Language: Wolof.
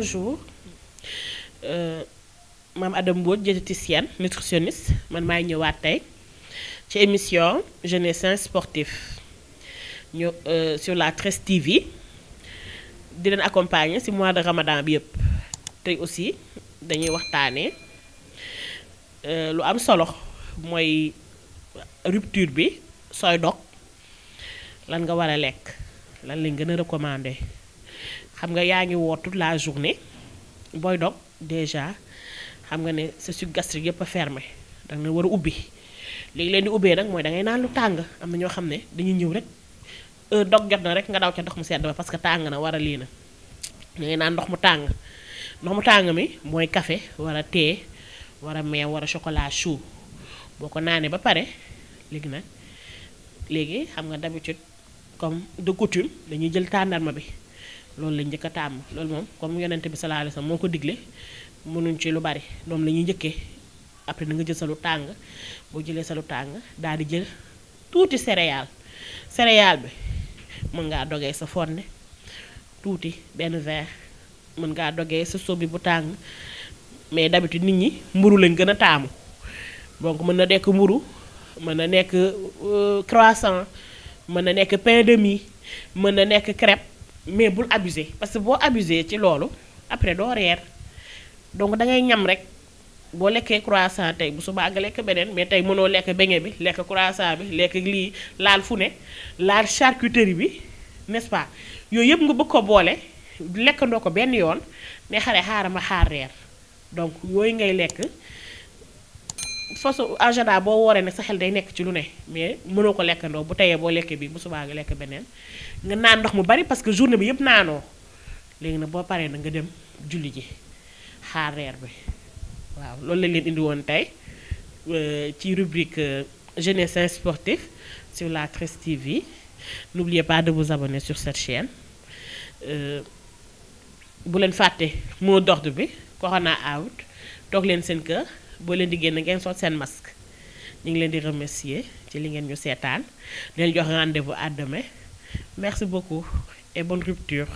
un jour euh, maam Adam Mbodj diététicienne nutritionniste man maay ñëwaat tey ci émission jeunesse un sportif ñu euh, sur la 13 TV di leen accompagner ci mois de ramadan bi yëpp tey aussi dañuy waxtaanee euh, lu am solo mooy rupture bi sooy dog lan nga war a lekk lan lañ gën a recommander. xam nga yaa ngi woor toute la journée booy dog déjà xam nga ne sa suc gastrique yëpp a fermé da nga war a ubbi léegi leen di ubbee nag mooy da ngay naan lu tàng am na ñoo xam ne dañuy ñëw rek heure dog jot na rek nga daw ca ndox mu sedd ba parce que tàng na war a lii na da naan ndox mu tàng ndox mu tàng mi mooy kafe war a thé war a meew war a chocolat chaud boo ko naanee ba pare léegi nag léegi xam nga d'habitude comme de coutume dañuy jël tàndarma bi loolu lañ njëkk a tàmm loolu moom comme yonent bi sallallahu alayhi wasallam moo ko digle mënuñ ci lu bari moom la ñuy njëkkee après na nga jël sa lu tàng boo jëlee sa lu tàng daal di jël tuuti céréale céréale bi mën ngaa dogee sa fonde tuuti benn verre mën ngaa dogee sa sobi bu tàng mais d'habitude nit ñi mburu lañ gën a taamu donc mën na nekk mburu mën na nekk euh, croissant mën na nekk pain de mi mën na nekk crêpe mais bul abusé parce que boo abusé ci loolu après doo reer donc da ngay ñam rek boo lekkee croissant tey bu subaa nga lekk beneen mais tey mënoo lekk beignet bi lekk croissant bi lekk lii laal fu ne laal charcuterie bi n'est-ce pas yooyu yëpp nga bëgg ko boole lekkandoo ko benn yoon mais xare xaaral ma xaar reer donc yooyu ngay lekk. façon agenda boo wooree nag sa xel day nekk ci lu ne mais mënoo ko lekkandoo bu teyee boo lekkee bi bu subaa ngi lekk beneen nga naan ndox mu bari parce que journée bi yëpp naanoo léegi nag boo paree nag nga dem julli ji xaar reer bi waaw loolu la leen indi woon tey euh, ci rubrique euh, jeunesse et sportif sur la 13TV n'oubliez pas de vous abonner sur cette chaîne euh, bu leen fàtte mot d'ordre bi corona out toog leen seen kër. boo leen di génn ngeen soot seen masque ñu ngi leen di remercier ci li ngeen ñu seetaan leen jox rendez-vous à demain merci beaucoup et bonne rupture